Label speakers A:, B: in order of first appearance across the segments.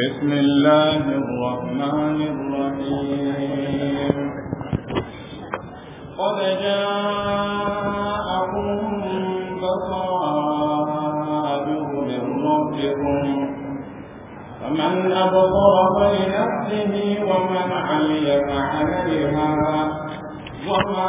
A: بسم الله الرحمن الرحيم قد جاءكم بصائر من ربكم فمن أبصر بنفسه ومن علي فعليها وما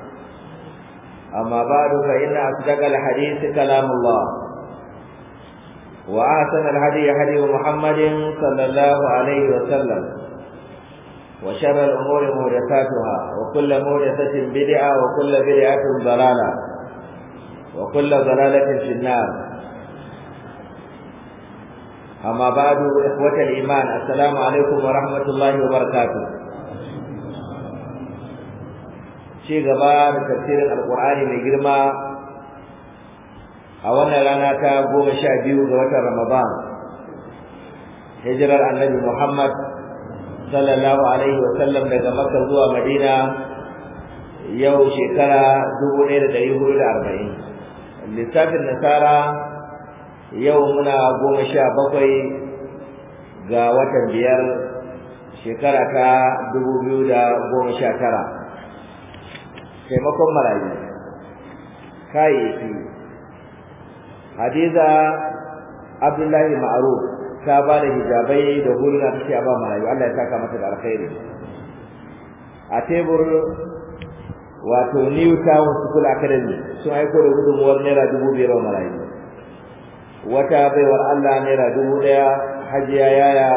B: أما بعد فإن أصدق الحديث كلام الله وأحسن الهدي هدي محمد صلى الله عليه وسلم وشر الأمور محدثاتها وكل محدثة بدعة وكل بدعة ضلالة وكل ضلالة في النار أما بعد إخوة الإيمان السلام عليكم ورحمة الله وبركاته ce gaba da tafsirin alkur'ani mai girma a wannan rana ta goma sha biyu ga watan ramadan hijirar annabi muhammad sallallahu alaihi wa sallam, daga makka zuwa madina yau shekara dubu ɗaya da ɗari hudu da arba'in lissafin nasara yau muna goma sha bakwai ga watan biyar shekara ta dubu biyu da goma sha tara taimakon marayu kayayyaki hadiza abdullahi ma'ruf ta ba da hijabai da hulna take ba marayu Allah ya saka mata da alkhairi a tebur wato new town school academy sun aiko da gudunmuwar naira dubu biyar wa marayu wata baiwar Allah naira dubu daya hajiya yaya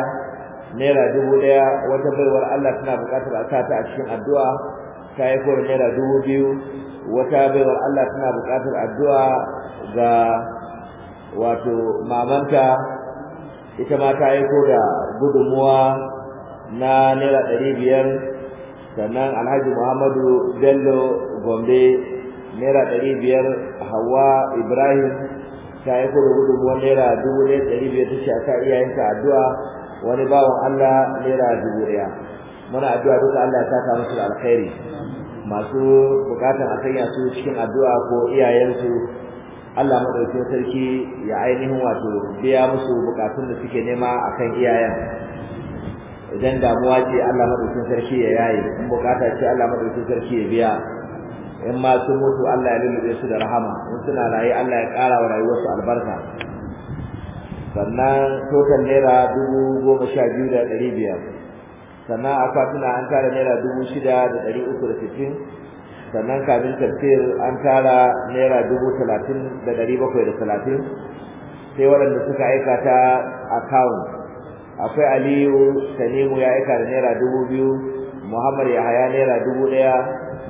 B: naira dubu daya wata baiwar Allah tana bukatar a sata a cikin addu'a ta yi da naira dubu biyu wata baiwar Allah tana buƙatar addu'a ga wato mamanta ita ma ta aiko da gudunmuwa na naira ɗari biyar
A: sannan alhaji muhammadu bello gombe naira ɗari biyar hawa ibrahim
B: ta aiko da gudunmuwa naira dubu ɗaya ɗari biyar ta shata iyayenta addu'a wani bawan allah naira dubu ɗaya muna addu'a duka allah ya saka musu alkhairi masu bukatar a sanya su cikin addu'a ko iyayensu Allah madaukakin sarki ya ainihin wato biya musu bukatun da suke nema akan iyayen idan damuwa ce Allah madaukakin sarki ya yaye in bukata ce Allah madaukakin sarki ya biya in ma sun mutu Allah ya lullube su da rahama in suna raye Allah ya ƙara wa rayuwarsu albarka sannan total naira dubu goma sha biyu da ɗari biyar sannan akwatuna an tara naira dubu shida da ɗari uku da sittin sannan kafin tafsir an tara naira dubu talatin da ɗari bakwai da talatin sai waɗanda suka aika ta account akwai aliyu tanimu ya aika da naira dubu biyu muhammad yahaya naira dubu ɗaya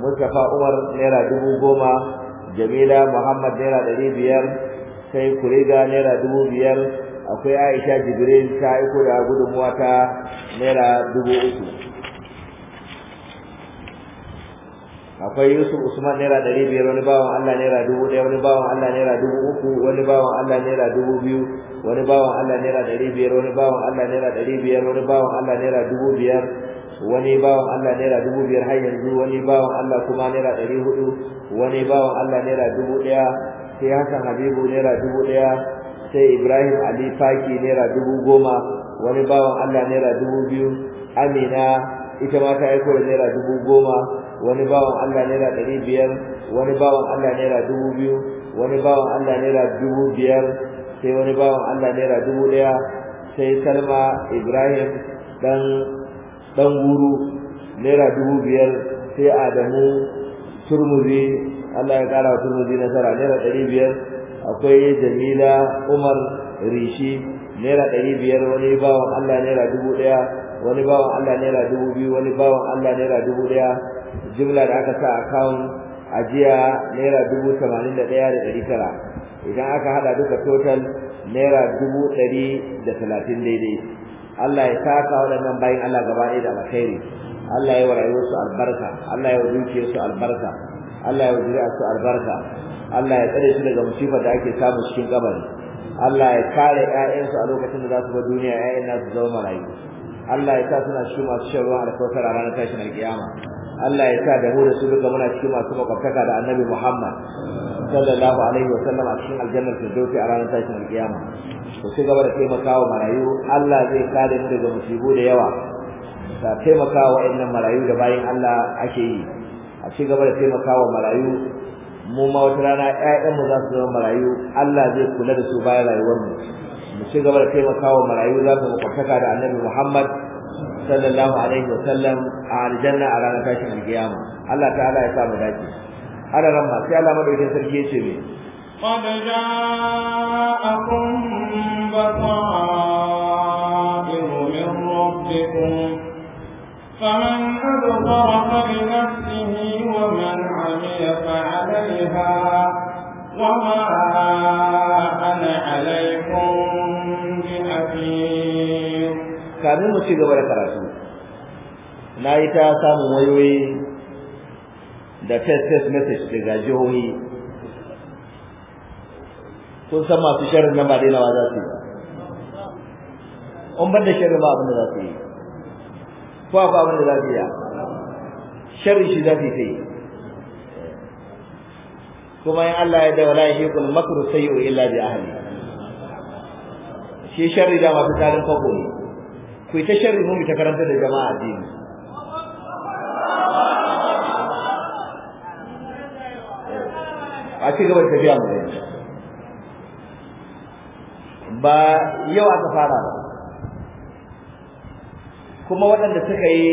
B: mustapha umar naira dubu goma jamila muhammad naira ɗari biyar sai kuriga naira dubu biyar akwai Aisha Jibril ta iko da gudunmuwa ta naira dubu uku akwai Yusuf Usman naira ɗari biyar wani bawan Allah naira dubu ɗaya wani bawan Allah naira dubu uku wani bawan Allah naira dubu biyu wani bawan Allah naira ɗari biyar wani bawan Allah naira ɗari biyar wani bawan Allah naira dubu biyar wani bawan Allah naira dubu biyar har yanzu wani bawan Allah kuma naira ɗari hudu wani bawan Allah naira dubu ɗaya sai Hassan Habibu naira dubu ɗaya sai Ibrahim Ali Faki naira dubu goma wani bawan Allah naira dubu biyu Amina ita ma ta aiko da naira dubu goma wani bawan Allah naira ɗari biyar wani bawan Allah naira dubu biyu wani bawan Allah naira dubu biyar sai wani bawan Allah naira dubu ɗaya sai Salma Ibrahim dan dan guru naira dubu biyar sai Adamu Turmuzi Allah ya kara wa Turmuzi nasara naira ɗari biyar akwai jamila umar rishi naira ɗari biyar wani bawan allah naira dubu ɗaya wani bawan allah naira dubu biyu wani bawan allah naira dubu ɗaya
C: jimla da aka sa akawun ajiya naira dubu tamanin da ɗaya da ɗari tara idan aka haɗa duka total naira dubu
B: ɗari da talatin daidai allah ya saka waɗannan bayan allah gaba ɗaya da alkhairi Allah ya wa rayuwarsu albarka Allah ya wa dukiyarsu albarka Allah ya zuri'a su albarka Allah ya tsare su daga musibar da ake samu cikin kabari Allah ya kare ƴaƴansu a lokacin da za su bar duniya ƴaƴan nasu zama marayu Allah ya sa suna cikin masu shan ruwan alkawtar a ranar tashin alkiyama Allah ya sa da mu da su duka muna cikin masu makwabtaka da annabi Muhammad sallallahu alaihi wa sallam a cikin aljannar firdausi a ranar tashin alkiyama ku ci gaba da taimakawa marayu Allah zai kare mu daga musibu da yawa da taimakawa wa'annan marayu da bayan Allah ake yi a ci gaba da taimakawa marayu mu ma wata rana ƴaƴanmu za su zama marayu Allah zai kula da su bayan rayuwarmu mu ci gaba da taimakawa marayu za su kwataka da Annabi Muhammad sallallahu alaihi wa sallam a aljanna a ranar tashin alkiyama Allah ta'ala ya sa mu dace ana nan ma sai Allah madaukakin sarki ce me
A: qad ja'akum basairu min rabbikum فمن أبصر فلنفسه ومن عمي فعليها وما أنا عليكم بحفيظ
B: كان المسيح قبل كراسي na yi ta samun wayoyi da text message daga jihohi kun san masu sharrin nan ba dainawa za su yi ba. An da ba abin da za su yi. ko ba abin da lafiya? su sharri shi za su yi kuma in Allah ya da wala yakul makru sayyu illa bi ahli shi sharri da masu tarin fako ne ku ta sharri mun ta karanta da jama'a addini a ci gaba da tafiya mu ba yau aka fara ba kuma waɗanda suka yi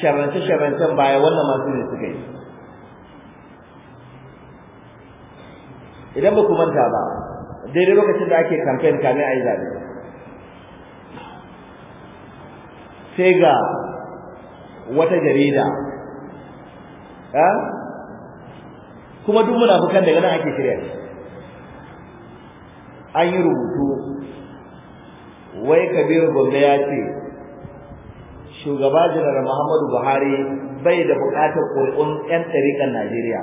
B: shabance sharancen baya wannan masu ne suka yi idan ba ku manta ba daidai lokacin da ake kamfen kamin a yi zaɓe sai ga wata jarida kuma duk muna munafukan daga nan ake shirya an yi rubutu wai kabiru gombe ya ce shugaba janar Muhammadu Buhari bai da buƙatar ƙuri'un 'yan ɗariƙar Najeriya.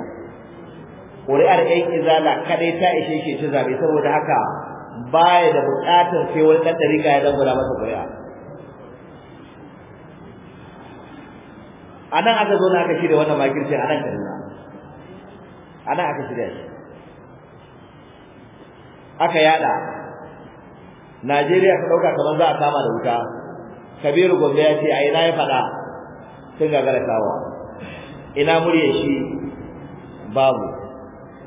B: Ƙuri'ar 'yan izala kaɗai ta ishe shi ci zaɓe saboda haka baya da buƙatar sai wani ɗan ɗariƙa ya dangula masa ƙuri'a. A nan aka zo na aka shirya wannan makirci a nan Kaduna. A nan aka shirya shi. Aka yaɗa. Najeriya ka ɗauka kamar za a kama da wuta. kabiru gombe ya ce a ina ya faɗa sun gagara kawo ina murya shi babu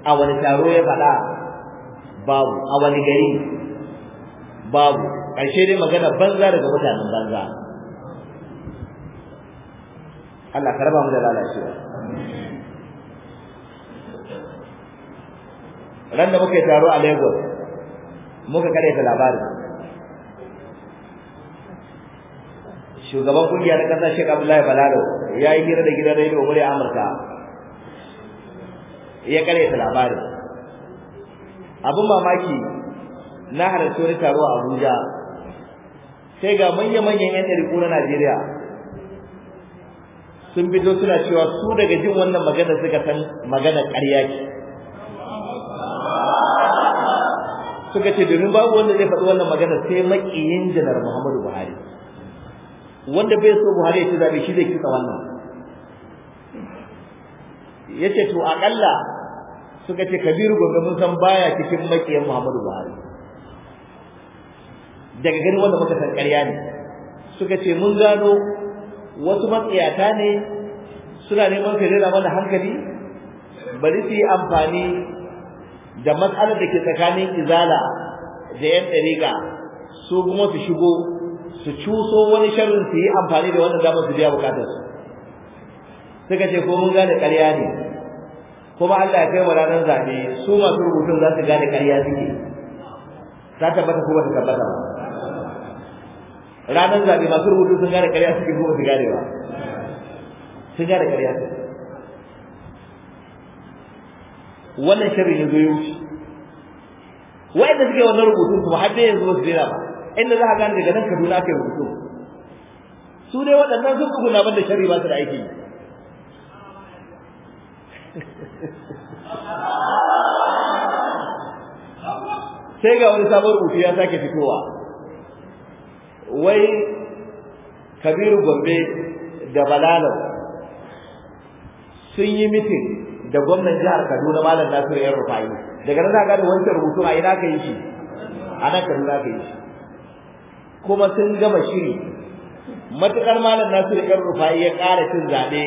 B: a wani taro ya faɗa babu a wani gari babu ƙarshe dai magana banza daga mutanen banza Allah karba mu da lalacewa ran da muka yi taro a Lagos muka kare ta labarin shugaban kungiya na kasa Sheikh Abdullahi Balalo ya yi hira da gidan rediyo murya Amurka ya kare ta labarin abin mamaki na halarci wani taro a Abuja sai ga manya-manyan 'yan ɗari na Najeriya sun fito suna cewa su daga jin wannan magana suka san magana ƙarya ce suka ce domin babu wanda zai faɗi wannan magana sai maƙiyin janar Muhammadu Buhari wanda bai so buhari ya ci zaɓe shi zai kisa wannan ya ce to aƙalla suka ce kabiru gobe mun san baya cikin maƙiyan muhammadu buhari daga gani wanda muka san ƙarya ne suka ce mun gano wasu matsiyata ne suna neman su rera mana hankali bari su yi amfani da matsalar da ke tsakanin izala da yan ɗariƙa su kuma su shigo su cuso wani sharrin su yi amfani da wannan damar su biya bukatar su suka ce ko mun gane ƙarya ne kuma Allah ya kai ranar zabe su masu rubutun za su gane ƙarya suke ta tabbata ko bata tabbata ba ranar zabe masu rubutu sun gane ƙarya suke ko su gane ba sun gane ƙarya suke wannan sharri ne zo ya wuce wa'anda suke wannan rubutun kuma har da yanzu ba su daina ba inda za ka gane daga nan Kaduna kai rubutu su dai waɗannan su kuma ban da shari ba su da aiki sai ga wani sabon rubutu ya sake fitowa wai kabiru gombe da Balala sun yi mitin da gwamnan jihar kaduna malam nasiru yan rufa'i daga nan za a gane wancan rubutu a ina ka yi shi a nan kaduna ka yi shi kuma sun gama shiri matukar malam Nasiru kan Rufai ya ƙara cin zaɓe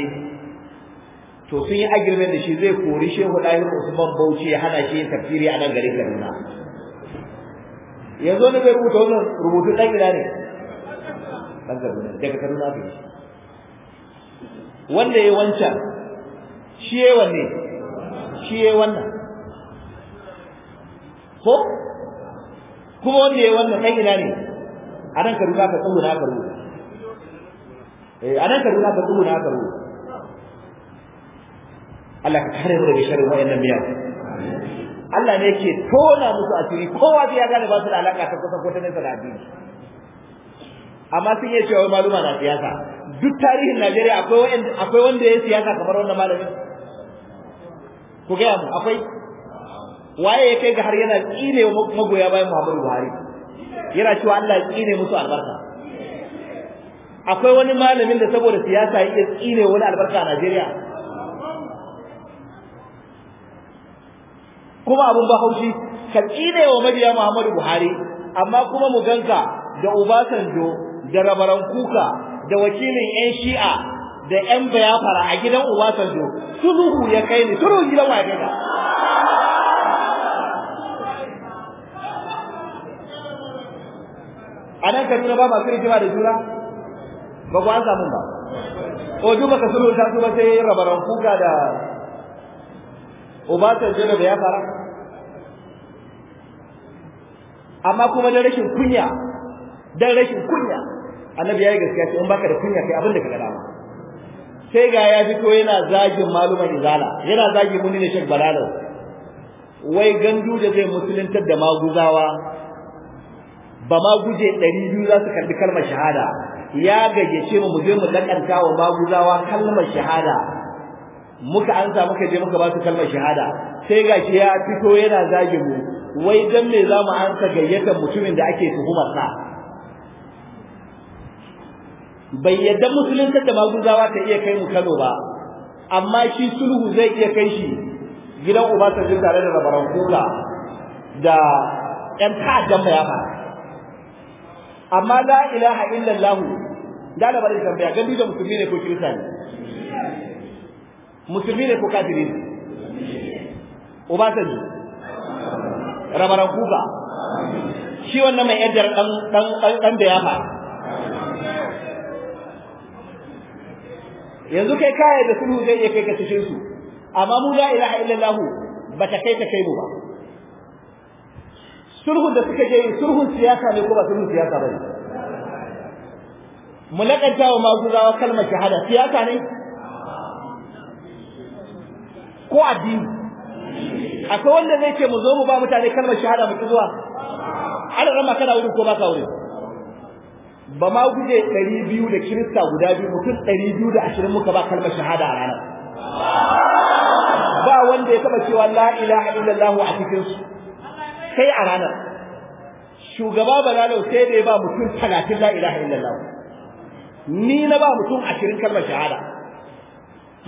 B: to sun yi agirmen da shi zai kori Shehu Dahir Usman Bauchi ya hana shi tafsiri a nan garin Kaduna yanzu ne bai rubuta wannan rubutu ɗan gida ne ɗan Kaduna daga Kaduna ta wanda ya wancan shi ya wanne shi ya wannan ko kuma wanda ya wannan ɗan gida ne a nan kaduna ka tsumu na karu eh a nan kaduna ka tsumu na karu Allah ka kare mu daga sharrin wayannan miya Allah ne yake tona musu asiri kowa ya gane ba su da alaka ta kusa ko ta nesa da addini amma sun yi cewa maluma na siyasa duk tarihin Najeriya akwai wanda akwai wanda ya siyasa kamar wannan malamin ku ga mu akwai waye ya kai ga har yana tsire magoya bayan Muhammadu Buhari
C: yana cewa Allah ya tsine musu albarka
B: akwai wani malamin da saboda siyasa ya tsine wani albarka a Najeriya kuma abun ba haushi ka tsine wa mabiya Muhammadu Buhari amma kuma mu ganka da Obasanjo da rabaran kuka da wakilin ƴan shi'a da ƴan bayafara a gidan Obasanjo suluhu ya kai ni sulhu gidan wa ya kai
C: a nan kaduna ba masu rigima da juna
B: ba ku an samu ba oju baka sulhu ta su ba sai rabaran kuka da ubatar jira da ya fara amma kuma da rashin kunya dan rashin kunya annabi yayi gaskiya ce in baka da kunya kai abin da ka gada sai ga ya fito yana zagin maluman izala yana zagin muni ne Sheikh Balalo wai gandu da zai musuluntar da maguzawa ba ma guje 200 za su karbi kalmar shahada ya gayyace mu mu je mu dakanta wa maguzawa kalmar shahada muka ansa muka je muka ba su kalmar shahada sai gashi ya fito yana zage mu wai dan me za mu ansa gayyatar mutumin da ake tuhumar sa bai yadda musulunta da maguzawa ta iya kai mu Kano ba amma shi sulhu zai iya kai shi gidan jin tare da rabaran kula da ƴan ta'addan mayafa amma la ilaha illallah da na bari tambaya gani da musulmi ne ko kirista ne musulmi ne ko kafiri ne obasanji
C: rabaran kuka
B: shi wannan mai yaddar dan dan dan da yafa yanzu kai kai da sulhu zai iya kai ka cikin su amma mu la ilaha illallah ba ta kai ka kai mu ba sulhun da suka je sulhun siyasa ne ko ba sulhun siyasa bane mu lakanta wa maguzawa kalmar shahada siyasa ne
C: ko addini akwai
B: wanda zai ce mu zo mu ba mutane kalmar shahada mu ki zuwa ana rama kana wurin ko baka wurin ba ma guje 200 da kirista guda biyu mutum 220 muka ba kalmar shahada a ranar ba wanda ya taba cewa la ilaha illallah a cikin su sai a ranar shugaba balalau sai da ya ba mutum talatin la ilaha illallah ni na ba mutum ashirin kalmar shahada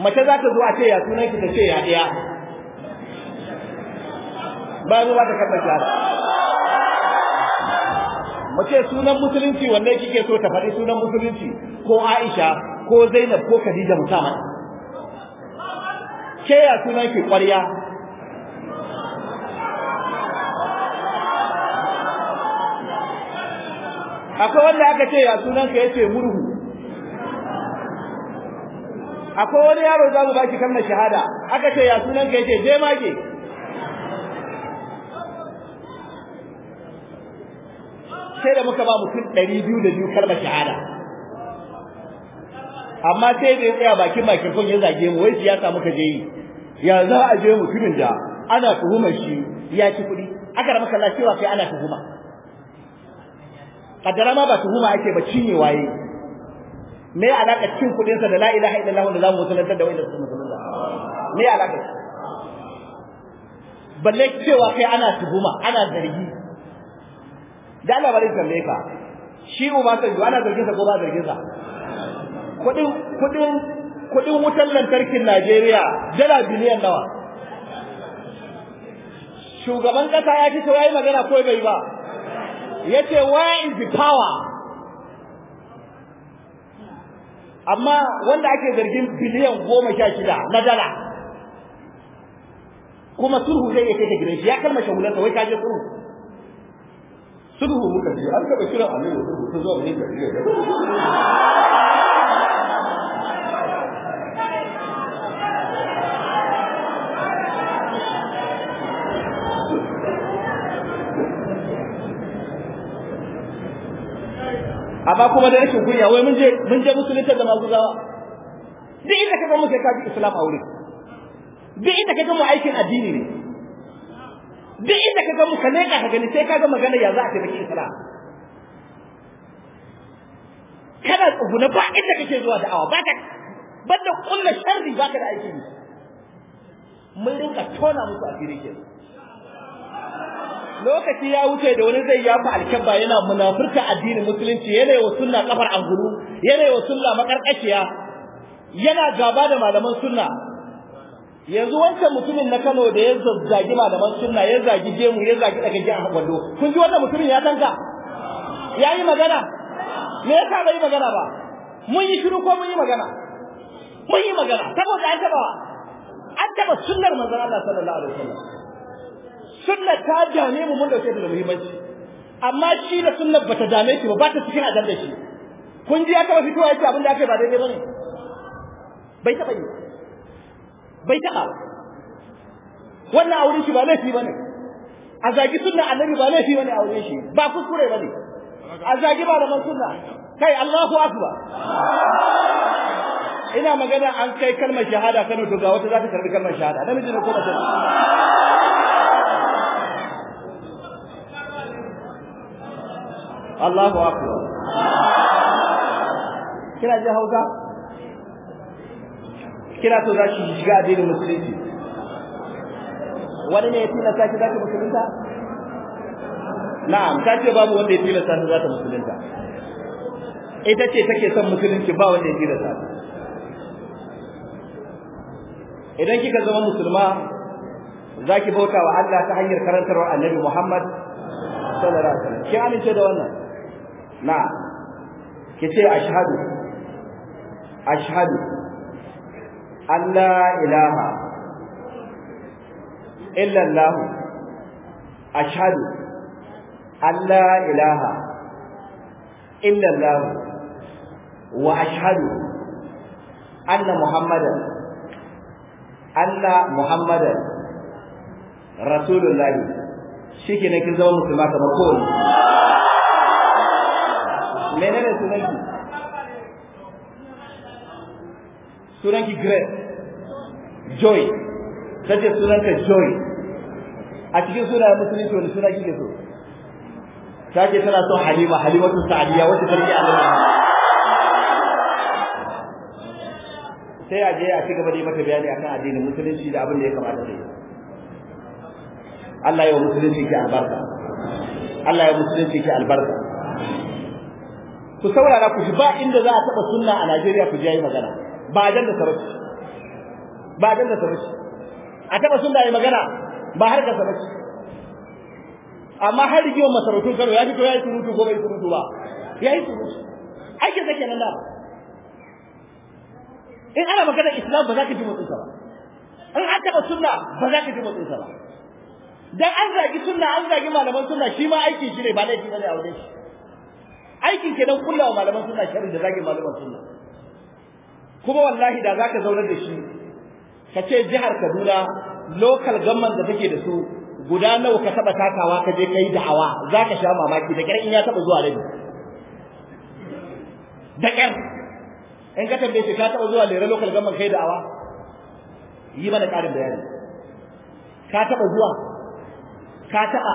B: mace za ta zo a ce ya sunan ki ta ce ya daya ba zo ba ta kalmar shahada mace sunan musulunci wanda kike so ta faɗi sunan musulunci ko Aisha ko Zainab ko Khadija musamman ke ya sunan ki ƙwarya akwai wanda aka ce ya sunan ka yace murhu akwai wani yaro za mu baki kalmar shahada aka ce ya sunan ka yace je mage sai da muka ba mutum ɗari biyu da biyu kalmar shahada amma sai da ya tsaya bakin kun ya zage mu wai siyasa muka je yi ya za a je mutumin da ana tuhumar shi ya ci kuɗi aka da maka cewa kai ana tuhuma kaddara ma ba tuhuma ake ba cinye waye me alaka cin kudin sa da la ilaha illallah wanda zamu musulantar da wanda suka musulunta me alaka balle cewa kai ana tuhuma ana zargi da Allah bari ka ka shi ba sai ana zargin sa ko ba zargin sa kudin kudin kudin wutar lantarkin Najeriya dala biliyan nawa shugaban kasa ya fito yayi magana ko bai ba yace where is the power amma wanda ake zargin biliyan goma sha shida na dala kuma sulhu zai yake ta gidan shi ya kalma shagulan sa wai kaje je sulhu sulhu muka ce an taɓa kiran aminu sulhu sun zo gari ne gari
C: amma kuma da rashin kunya
B: wai mun je mun je musulunta da maguzawa duk inda ka ga sai ka ji islam a wurin duk inda ka ga mu aikin addini ne duk inda ka ga kane ka leƙa ka gani sai ka ga magana ya za a taimaki islam Kada kana na ba inda kake zuwa da'awa ba ka banda kullu sharri ba ka da aikin mun rinka tona musu asiri kenan lokaci ya wuce da wani zai yafa alkabba yana munafurta addinin musulunci yana yi wa sunna kafar angulu yana yi wa sunna makarkashiya yana gaba da malaman sunna yanzu wancan mutumin na Kano da ya zagi malaman sunna ya zagi gemu ya zagi daga a kwando kun ji wannan mutumin ya tanka ya yi magana me yasa bai yi magana ba mun yi shiru ko mun yi magana mun yi magana saboda an taba an taba sunnar manzon Allah sallallahu alaihi wasallam sunna ta dame mu mun dauke da muhimmanci amma shi da sunna bata dame shi ba ba ta cikin adalci shi kun ji aka fitowa yake abin da aka ba daidai bane bai taba yi bai taba wannan aure shi ba laifi bane a zagi sunna annabi ba laifi bane aure shi ba kuskure bane a zagi ba da man sunna kai Allahu akbar ina magana an kai kalmar shahada Kano to ga wata za ta karbi kalmar shahada namiji ne ko ta Allahu akbar kina ji hausa? kina so za ki shiga addinin musulunci wani ne ya tilasta ki za ki musulunta na'am ta ce babu wanda ya tilasta ta za ta musulunta ita ce take son musulunci ba wanda ya tilasta ta idan kika zama musulma za ki bauta wa Allah ta hanyar karantarwa annabi Muhammad sallallahu alaihi wasallam ki amince da wannan na ki ce ashhadu ashhadu Allah ilaha a ashhadu Allah ilaha illallah wa ashhadu anna muhammadan anna muhammadan rasulullahi shi ke na kin zama musulma kamar kowane
C: menene sunanki
B: sunanki grace joy tace sunanka joy a cikin sunan musulunci wani suna kike so ta ce tana son halima halimatu sa'adiya wacce sarki alama sai a je a ci gaba da mata bayani akan addinin musulunci da abin da ya kamata da yi Allah ya musulunci ki albarka Allah ya musulunci ki albarka ku saurara ku ba inda za a taba sunna a Najeriya ku ji yi magana ba dan da sarki ba dan da sarki a taba sunna yi magana ba har da sarki amma har giyon masarautun Kano ya fito yi surutu ko bai surutu ba ya mutu. surutu ake sake nan da in ana magana Islam ba za ka ji mutsunsa ba in an taba sunna ba za ka ji mutsunsa ba dan an zagi sunna an zagi malaman sunna shi ma aikin shi ne ba laifi ne a wajen shi aikin ke kenan kullawa malaman sunna sharri da zagin malaman sunna kuma wallahi da zaka zaunar da shi ka ce jihar Kaduna local government da take da su guda nawa ka taba takawa ka je kai da'awa zaka sha mamaki da kyar in ya taba zuwa rabi da kyar in ka tambaye shi ka taba zuwa lera local government kai da'awa yi mana karin bayani ka taba zuwa ka taba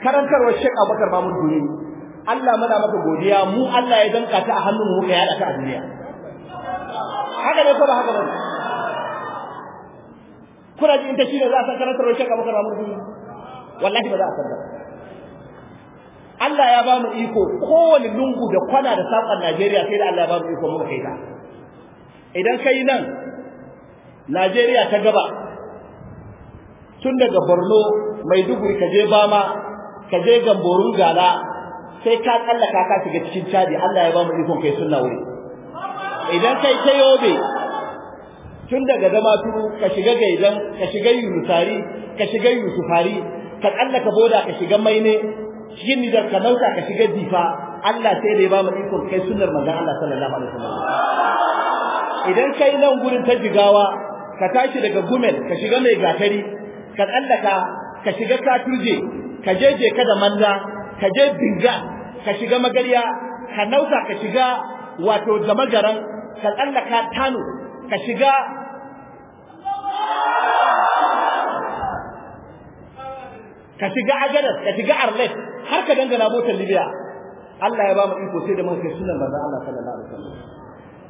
B: karantarwar Sheikh Abubakar Mahmud Duniya Allah muna maka godiya mu Allah ya danka ta a hannun mu ka yada ta a duniya
C: haka ne ko ba haka ba
B: kuna ji in ta shine za ka san karantar rokin ka maka ramu duniya wallahi ba za a san ba Allah ya ba mu iko kowane lungu da kwana da sakon Najeriya sai da Allah ya ba mu iko muka kai ta idan kai nan Najeriya ta gaba tun daga Borno Maiduguri ka je Bama ka je Gamborun Gala sai ka tsallaka ka shiga cikin cadi Allah ya ba mu ikon kai sunna wuri
C: idan kai ta yobe
B: tun daga dama turu ka shiga gaidan ka shiga yunusari ka shiga yusufari ka tsallaka boda ka shiga maine cikin nijar ka nauta ka shiga difa Allah sai da ya ba mu ikon kai sunnar manzon Allah sallallahu alaihi wasallam idan kai nan gurin ta jigawa ka tashi daga gumel ka shiga mai gatari ka tsallaka ka shiga katurje ka jeje ka da manza ka je dinga ka shiga magarya ka nausa ka shiga wato gama garan ka tsallaka tano ka shiga ka shiga agadas ka shiga arlet har ka dangana motar libya Allah ya ba mu iko sai da mun kai sunan manzo Allah sallallahu alaihi wasallam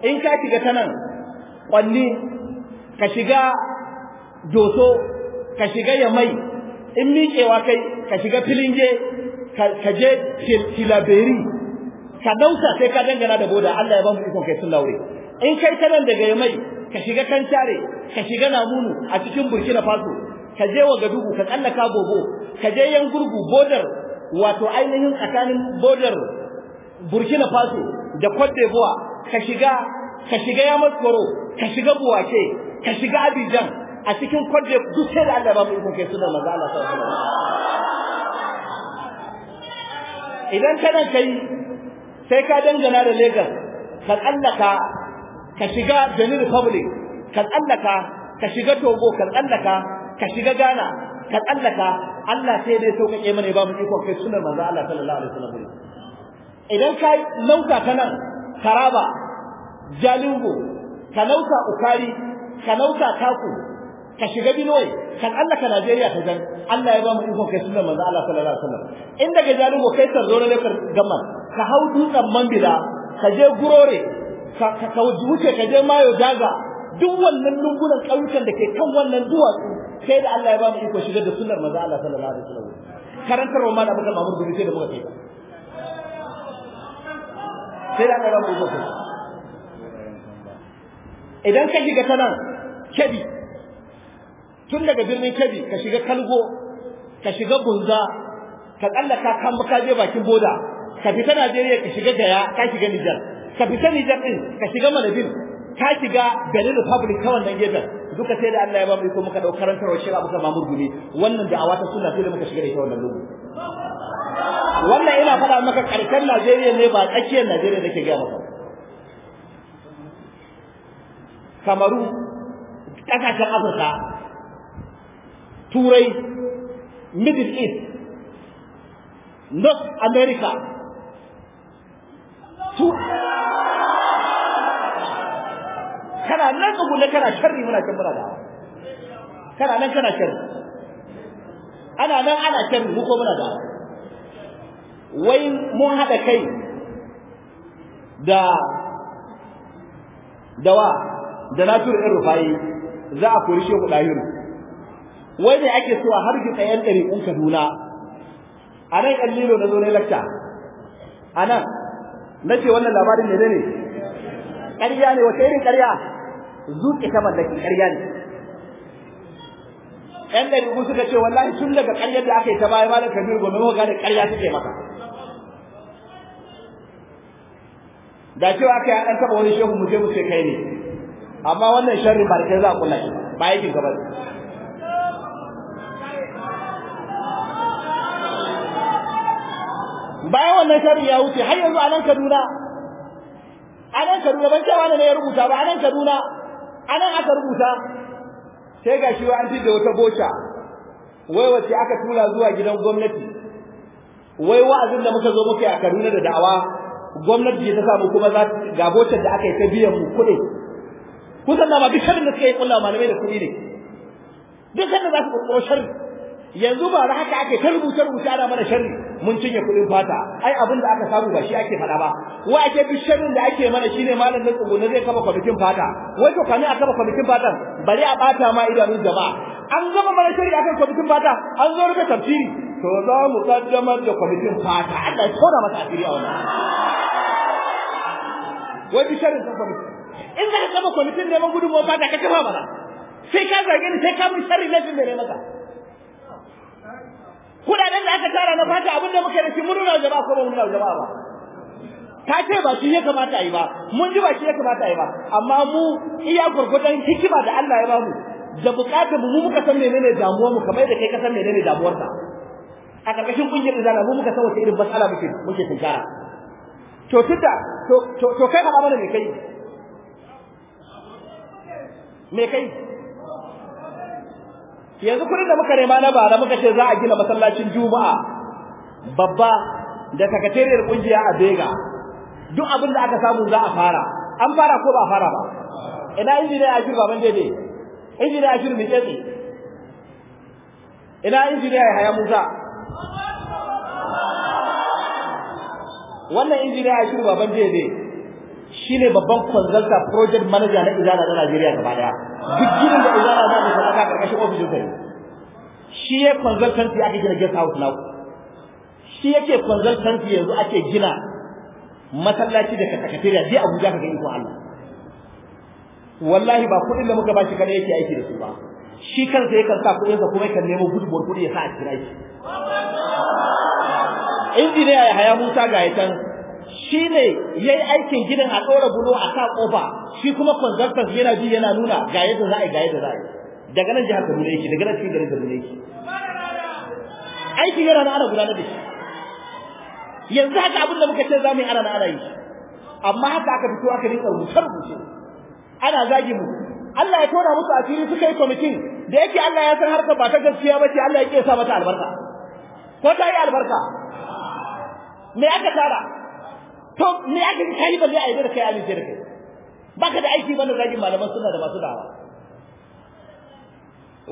B: in ka shiga ta nan ka shiga doso ka shiga yamai in miƙewa kai ka shiga filinge ka je tilaberi ka dauka sai ka dangana da boda Allah ya ba mu ikon kai sun laure in kai ta nan daga yamai ka shiga kan tare, ka shiga namunu a cikin burkina faso ka je wa gadugu ka tsallaka gobo ka je yan gurgu bodar wato ainihin tsakanin bodar burkina faso da cote d'ivoire ka shiga ka shiga yamasgoro ka shiga buwake ka shiga abidjan a cikin cote d'ivoire duk sai da Allah ya ba mu ikon kai sun laure Allah sallallahu idan kana kai sai ka dangana da Lagos ka tsallaka ka shiga Benin Republic ka tsallaka ka shiga Togo ka tsallaka ka shiga Ghana ka tsallaka Allah sai dai sauƙaƙe mana ba mu iko kai sunan manzo Allah sallallahu alaihi wasallam idan kai lauka kana Karaba Jalingo ka lauka Ukari ka lauka Taku ka shiga Allah ka Najeriya ka gan Allah ya ba mu iko kai sunan manzo Allah sallallahu alaihi wasallam in daga Jalingo kai tar zo ne ka gamma ka hau dutsen Mambila ka je Gurore ka ka wuce ka je Mayo Daga duk wannan lungunan kauyukan da ke kan wannan duwatsu sai da Allah ya ba mu iko shiga da sunan manzo Allah sallallahu alaihi wasallam karantar wa malam Abubakar mamur Gumi sai da muka kai
C: sai da Allah ya ba mu iko
B: idan ka shiga ta kedi tun daga birnin Kebbi ka shiga Kalgo ka shiga Gunza, ka tsallaka kan baka je bakin boda ka fita Najeriya ka shiga Gaya ka shiga Nijar ka fita Nijar din ka shiga Malabin ka shiga Benin Republic ta wannan gefen duka sai da Allah ya ba mu iko muka dau karantar shi abu mamur gumi wannan da awata suna sai da muka shiga da ita wannan lugu
C: wannan ina faɗa maka karkan
B: Najeriya ne ba tsakiyar Najeriya nake gaya maka Kamaru kasashen Afirka turai middle east north america kana nan tsugune kana sharri muna can muna dawa kana nan kana sharri ana nan ana sharri mu ko muna dawa wai mun haɗa kai da dawa da na turu za a kori shehu ɗahiru wai ne ake so a hargitsa yan ɗariƙun kaduna a nan ɗan na zo ne lakta a nan na ce wannan labarin ne ne ƙarya ne wata irin ƙarya zuƙi ta mallaki ƙarya ne ƴan ɗariƙu suka ce wallahi tun daga ƙaryar da aka yi ta baya malam kabir gome muka gane ƙarya suke maka da cewa aka yi an taɓa wani shehu mu je mu ce kai ne amma wannan sharri ba da kai za a kula shi ba yakin gaba bayan wannan sharri ya wuce har yanzu anan Kaduna anan Kaduna ban cewa ne ya rubuta ba anan Kaduna Anan aka rubuta sai gashi wa an da wata boca wai wace aka tura zuwa gidan gwamnati wai wa'azin da muka zo muka a Kaduna da da'awa gwamnati ta samu kuma za ga bocar da aka yi ta biyan mu kudi kusan da ma duk sharrin da suka yi kullum malamai da kuɗi ne duk sanda za su kokoro sharri yanzu ba da haka ake ta rubuce rubuce ana mana sharri mun cinye kuɗin fata ai abin da aka samu ba shi ake fada ba wa ake bishirin da ake mana shine malam na tsugunna zai kafa kwamitin fata wai to kani a kafa kwamitin fata bari a bata ma idanun jama'a an gama mana shari'a akan kwamitin fata an zo rika tafsiri to za mu kaddama da kwamitin fata Allah ya tsora mata asiri a wannan wai bishirin ta kwamitin in za ka kafa kwamitin neman gudunmawar fata ka kafa mana sai ka zage ni sai ka mun sharri lafin da ne maka
C: kudaden da aka tara na fata abin da muka rashi mun nuna jama'a ko ba mun nuna jama'a ba
B: Ta ce ba shi ya kamata a yi ba mun ji ba shi ya kamata a yi ba amma mu iya gurgudan hikima da Allah ya bamu da buƙatar mu muka san menene damuwar mu kamar da kai ka san menene damuwar ka a karkashin kungiyar izala mu muka san wace irin matsala muke muke tunkara to tunda to to kai ka ba mana me kai me kai yanzu kudin da muka nema na bara muka ce za a gina masallacin juma'a babba da sakatariyar kungiya a bega duk abin da aka samu za a fara an fara ko ba fara ba ina injiniya ashir baban daidai injiniya ashir mai tsetse ina injiniya ya haya musa wannan injiniya ashir baban daidai shine babban consultant project manager na Izana na Najeriya gaba daya duk gidan da Izana za ta saka karkashin ofishin sa shi ya consultant ake gina guest house now shi yake consultant yanzu ake gina masallaci da cafeteria je Abuja ka ga ko Allah wallahi ba kuɗin da muka bashi kada yake aiki da su ba shi kansa yakan sa kuma yake nemo gudunmuwar kuɗi ya sa a kira aiki injiniya ya haya Musa ga ya can shi ne ya yi aikin gidan a ɗora bulo a kan ƙofa shi kuma consultant yana ji yana nuna ga yadda za a yi ga yadda za a yi daga nan jihar Kaduna yake daga nan cikin garin Kaduna yake aikin yana na ana gudanar da shi yanzu haka abin da muka ce za mu yi ana na ana yi amma haka aka fito aka rinka rusar rusar ana zagi mu Allah ya tona musu asiri suka yi kwamitin da yake Allah ya san harkar ba ta gaskiya ba ce Allah ya ke sa mata albarka ko ta yi albarka me aka tara to me aka ka kai ba a yi da kai amince da kai baka da aiki bane zagin malaman suna da masu dawa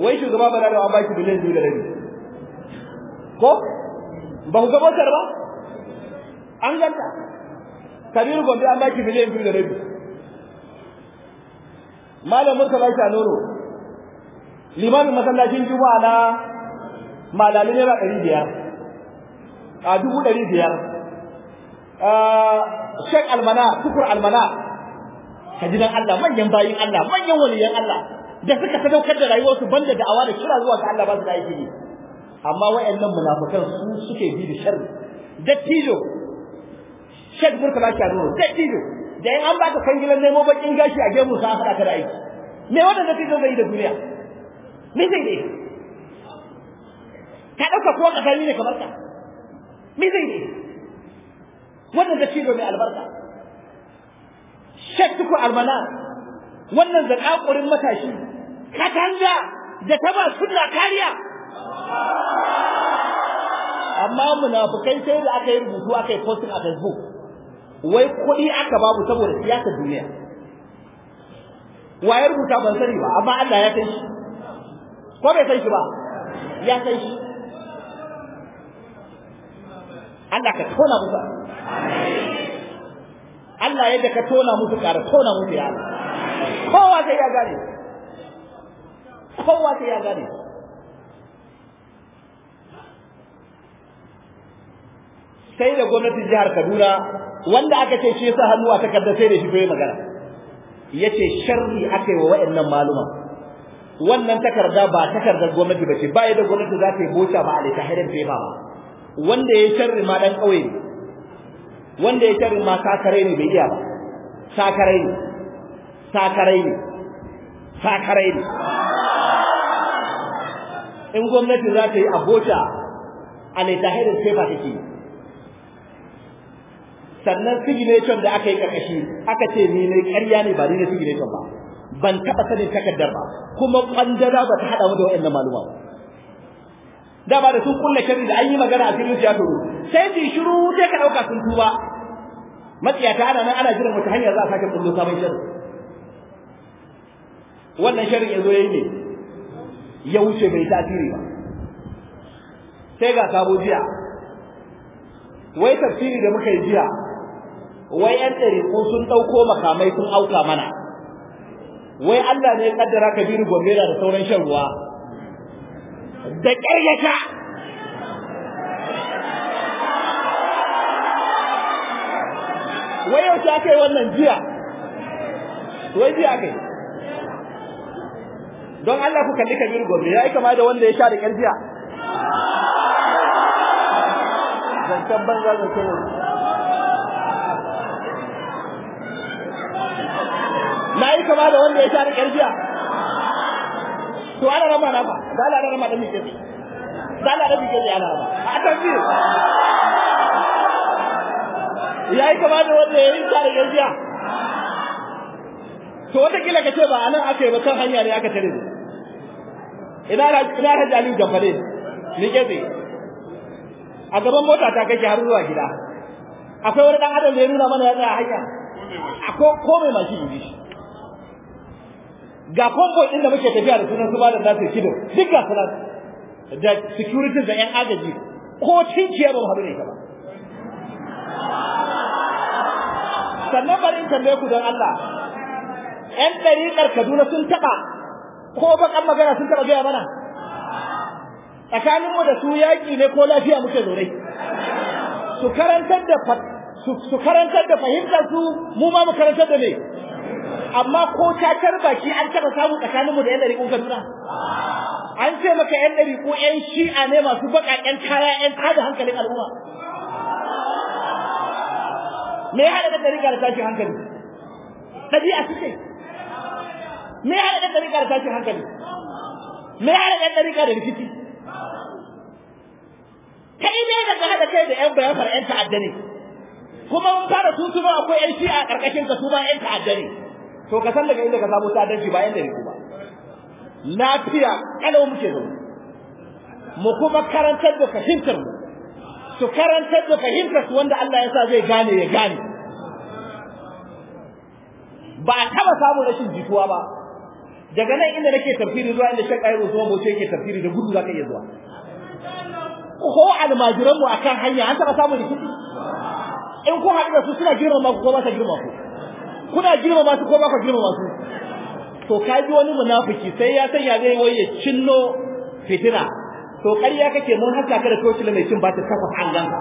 B: wai shugaba bala da an baki biliyan biyu da rabi ko ba ku gabatar ba an ganta kabiru gombe an baki biliyan biyu da rabi malamin a nono limamin masallacin juma'a na malalin yana ɗari biyar a dubu ɗari biyar shek almana tukur almana ka Allah manyan bayin Allah manyan waliyan Allah da suka sadaukar da rayuwarsu banda da'awa da kira zuwa ga Allah ba su da aiki amma wayannan munafikan su suke bi da sharri dattijo shek murtala kyaro dattijo da in an ba ka kangilan nemo bakin gashi a gemu sa haka da aiki me wannan dattijo zai yi da duniya me zai yi ka dauka ko ka ne kamar ka me zai yi wannan da ne mai albarka shek tuku almana wannan da kakurin matashi katanga da ta ba sunna kariya amma munafukai sai da aka yi rubutu aka yi posting a facebook wai kuɗi aka babu saboda siyasar duniya waye rubuta ban sani ba amma Allah ya san shi ko bai san shi ba ya san shi Allah ka tona musu Allah yadda ka tona musu ƙara tona musu ya kowa sai ya gane kowa sai ya gane sai da gwamnatin jihar Kaduna wanda aka ce shi sa hannu a takarda sai da shi bai magana yace sharri aka yi wa waɗannan maluma wannan takarda ba takardar gwamnati bace ba yadda gwamnati za ta yi bocha ba a littahirin fema ba wanda ya sharri ma dan ƙauye wanda ya tarin ma sakarai ne bai iya ba sakarai ne sakarai ne sakarai ne in gwamnati za ta yi abota a littahirin sefa take sannan signature da aka yi karkashi aka ce ni ne ƙarya ne ba ni ne signature ba ban taɓa sanin takardar ba kuma ƙwandara ba ta haɗa mu da waɗannan maluma ba dama da sun kulle shari da an yi magana a filin ya sai su shiru sai ka dauka sun tuba matsiyata ana nan ana jiran wata hanya za a sake kullu sabon sharri wannan shirin ya zo yayi ne ya wuce bai tasiri ba sai ga sabo jiya wai tafsiri da muka yi jiya wai yan ko sun ɗauko makamai sun auka mana wai Allah ne ya kaddara kabiru gomera da sauran shan ruwa da ƙaryata wai yau ta kai wannan jiya wai jiya kai don Allah ku kalli gobe, ya yi kama da wanda ya sha da ƙyar jiya zancen banza zancen na yi kama da wanda ya sha da ƙyar jiya to ana rama na ba da ala rama da mike da ala da mike da ana rama a tafiya ya yi kama da wanda ya yi ta da gajiya to wata kila ka ce ba anan aka yi ba kan hanya ne aka tare ina ina ta jalin gafare ni ke tsaye a gaban mota ta kake har zuwa gida akwai wani dan adam da ya nuna mana ya tsaya hanya akwai ko mai mashi yi shi ga kombo din da muke tafiya da sunan su ba da nasu kido duk ga sunan da security da yan agaji ko cinciyar ba mu haɗu ne ka ba sannan bari in tambaye ku don Allah ɗan ɗariƙar Kaduna sun taɓa ko baƙar magana sun taɓa gaya mana tsakaninmu da su yaƙi ne ko lafiya muke zaune su karantar da su karantar da fahimtar su mu ma mu karantar da me amma ko takar baki an taɓa samu tsakaninmu da ɗan ɗariƙun Kaduna an ce maka ɗan ɗariƙu ƴan shi'a ne masu baƙaƙen kaya ƴan tada hankalin al'umma me ya hada da tarika da tashin hankali dabi'a suke me ya hada da tarika da tashin hankali me ya hada da tarika da rikici kai ne da ka hada kai da ƴan bayan far'an ta'adda ne kuma mun fara ba akwai yan shi'a karkashin ka su ba ƴan ta'adda ne to ka san daga inda ka samu ta'addanci ba yan da ku ba lafiya kalau muke zo mu kuma karantar da fahimtar mu su karantar da fahimtar su wanda Allah ya sa zai gane ya gane ba a taba samun rashin jituwa ba daga nan inda nake tafsiri zuwa inda shakka yau zuwa boce yake tafsiri da gudu zaka iya zuwa ko almajiran mu akan hanya an taba samun rikici in ku haɗu da su suna girmama ku ko ba ta girmama ku kuna girmama su ko ba ka girmama su to ka ji wani munafiki sai ya sanya zai waye cinno fitina to ƙarya kake mun haska ka da tocila mai cin batir kafa an ganka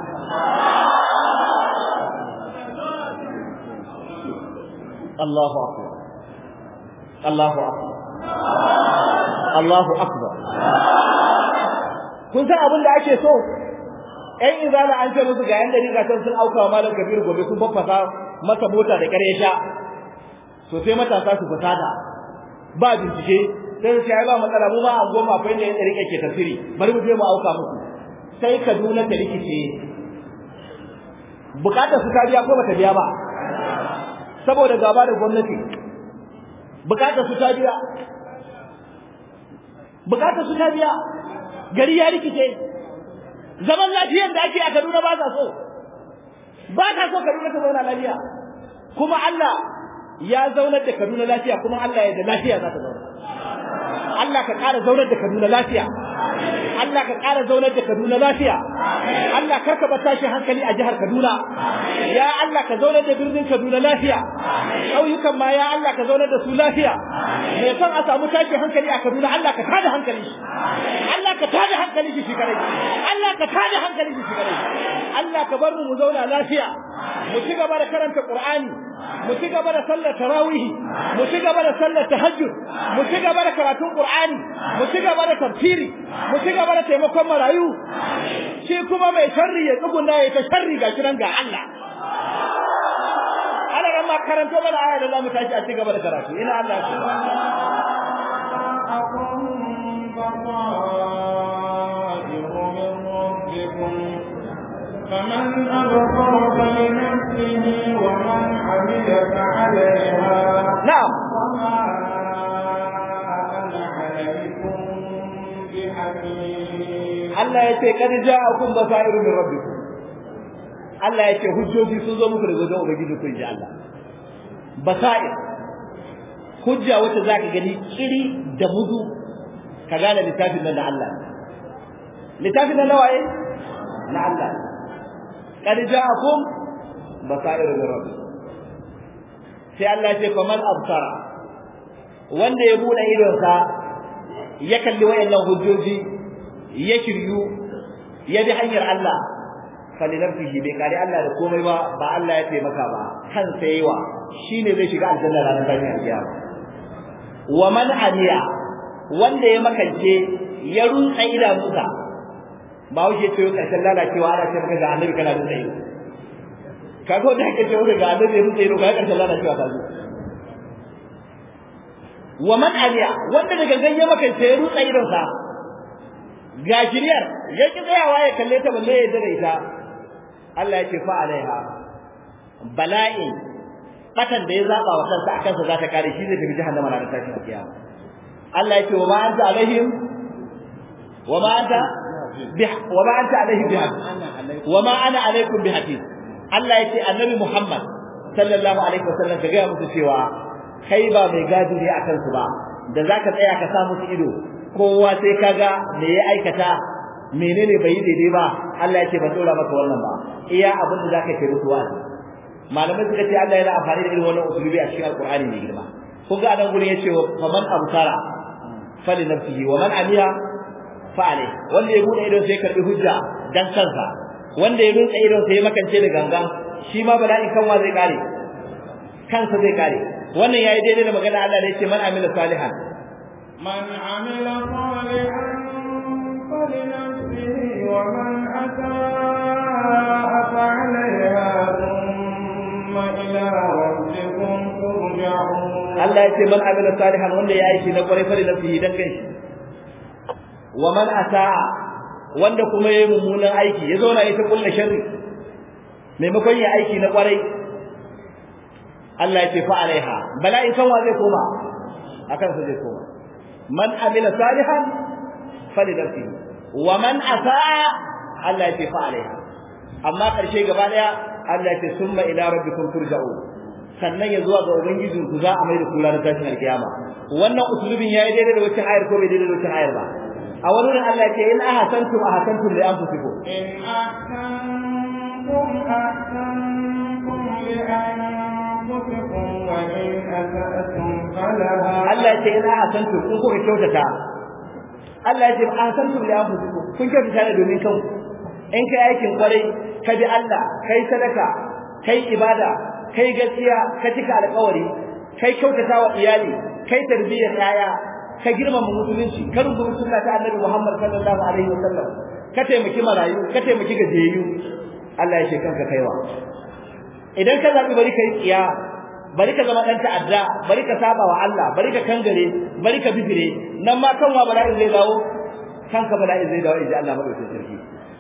B: Allahu akbar Allahu akbar Allahu akbar kun san abin da ake so ƴan izala an ce musu ga yan dari sun auka wa malam kabiru gobe sun baffasa masa mota da ƙarya sha so sai matasa su fasada ba bincike sai ce ai ba matsala mu ba a goma akwai da yadda rike ke tafsiri bari mu je mu auka muku sai Kaduna ta rikice bukatar su ta biya ko bata biya ba saboda gaba da gwamnati bukatar su ta biya bukatar su ta biya gari ya rikice zaman lafiyar da ake a Kaduna ba sa so ba ta so Kaduna ta zauna lafiya kuma Allah ya zaunar da Kaduna lafiya kuma Allah ya da lafiya za ta zauna Allah ka ƙara zaunar da Kaduna lafiya Allah ka ƙara zaunar da Kaduna lafiya Allah kar ka bar shi hankali a jihar Kaduna ya Allah ka zaunar da birnin Kaduna lafiya ƙauyukan ma ya Allah ka zaunar da su lafiya mai son a samu tashin hankali a Kaduna Allah ka tada hankali Allah ka tada hankali shi kare Allah ka tada hankali shi kare Allah ka bar mu mu zauna lafiya mu ci gaba da karanta Qur'ani mu ci gaba da sallar tarawih mu ci gaba da sallar tahajjud mu ci gaba da karatun Qur'ani mu ci gaba da tafsiri mu ci gaba da taimakon marayu shi kuma mai sharri ya tsuguna ya ta sharri ga kiran ga Allah Ana ran ma karanto mana aya da za mu tashi a ci gaba da karatu
A: ina Allah ya الطائر من ربكم فمن فلنفسه ومن نعم Allah
B: ya ce hujjoji sun zo muku daga wajen Ubangiji ji Allah. Basa'ir hujja wata za gani kiri da mudu ka gane littafin nan na Allah littafin nan nawa eh na Allah qad ja'akum basairu min rabbi sai Allah ce ce faman absara wanda ya bude sa, ya kalli wayannan hujjoji ya kiryu ya bi hanyar Allah falinafsihi bai kare Allah da komai ba ba Allah ya taimaka ba kan sayewa. wa shine zai shiga aljanna ranar kiyama wa man amiya wanda ya makance ya ila musa ba wuce ce ka san lalacewa ana ce maka ga annabi kana runtsa yi. ka ko da kake ce ga annabi runtsa ido ka san lalacewa ta zo wa man aliya wanda daga gan ya makance ya runtsa sa ga shiriyar ya ki tsayawa ya kalle ta balle ya dare ita Allah ya ce fa alaiha bala'i katan da ya zaba wa kansa akan sa za ta kare shi zai tafi jahannama na tashin kiyama Allah yake wa ma anta alaihim wa ma anta wa ma anta alaihim wa ma ana alaikum hadith Allah yake annabi Muhammad sallallahu alaihi wasallam ka ga musu cewa kai ba mai gadi ne akan su ba da zaka tsaya ka sa musu ido kowa sai kaga me ya aikata menene bai yi daidai ba Allah yake ba dora maka wannan ba iya abin da zaka kai musu wa'azi malamai suka ce Allah yana amfani da irin wannan usulubi a cikin alqur'ani ne girma kun ga anan gurin yace faman amsara fali nafsihi wa man aliya fa alai wanda ya bude ido sai karbi hujja dan kansa wanda ya rutsa ido sai makance da ganga shi ma bala'i kanwa zai kare kansa zai kare wannan yayi daidai da magana Allah ne yake man amila salihan
A: man amila salihan man ata أساء فعليها Allah ya ce man Amina
B: salihan wanda ya aiki na kwarai fari nafsihi dan kai wa man asaa wanda kuma ya yi mummunan aiki ya zauna ya ta kulla sharri maimakon ya aiki na kwarai Allah ya ce fa alaiha bala'in kan wa zai koma akan sa zai koma man amila salihan fali nafsihi wa man asaa Allah ya ce fa alaiha amma karshe gaba daya Allah ya ce summa ila rabbikum turja'un sannan ya zuwa ga ubangijin ku za a mai da kula da tashin alkiyama wannan usulubin yayi daidai da wacce ayar ko bai daidai da wacce ayar ba a wani wurin Allah ya ce in ahsantum ahsantum li anfusikum in
A: ahsantum ahsantum li anfusikum wa in asatum falaha Allah ya ce in ahsantum kun kuka
B: kyautata Allah ya ce ahsantum li anfusikum kun kyautata domin kanku in kai aikin kwarai ka bi Allah kai sadaka kai ibada kai gaskiya ka cika alƙawari kai kyautata wa iyali kai tarbiyyar yaya ka girmama musulunci ka rubuta sunna ta annabi Muhammad sallallahu alaihi wasallam ka taimaki marayu ka taimaki gajiyayyu Allah ya ce kanka kaiwa idan ka zabi bari kai tsiya bari ka zama dan ta'adda bari ka saba wa Allah bari ka kangare bari ka bibire nan ma kanwa bala'in zai dawo kanka bala'in zai dawo idan Allah madaukakin sarki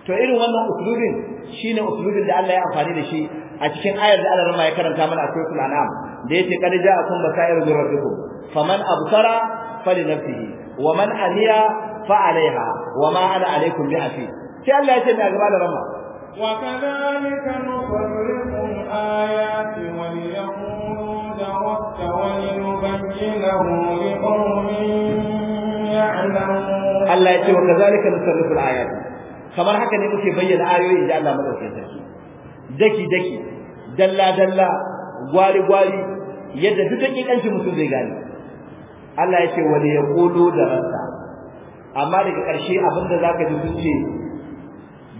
B: to irin wannan uslubin shine uslubin da Allah ya amfani da shi a cikin ayar da Allah ya karanta mana akwai kulanam da yace kad ja'akum basairu min rabbikum faman absara falinafsihi waman amiya fa alaiha wama ana alaikum bi'afi sai Allah ya ce mai gaba da rama
A: wa kadhalika nufarriqu ayati wa liyaqulu dawatta wa linubayyinahu liqaumin ya'lamun Allah ya yace wa kadhalika
B: nufarriqu ayati kamar haka ne muke bayyana ayoyin da Allah madaukakin sarki daki daki dalla dalla gwari gwari yadda duk dakikanci mutum zai gane Allah ya ce wani ya kodo da rasa amma daga ƙarshe abinda zaka ji sun ce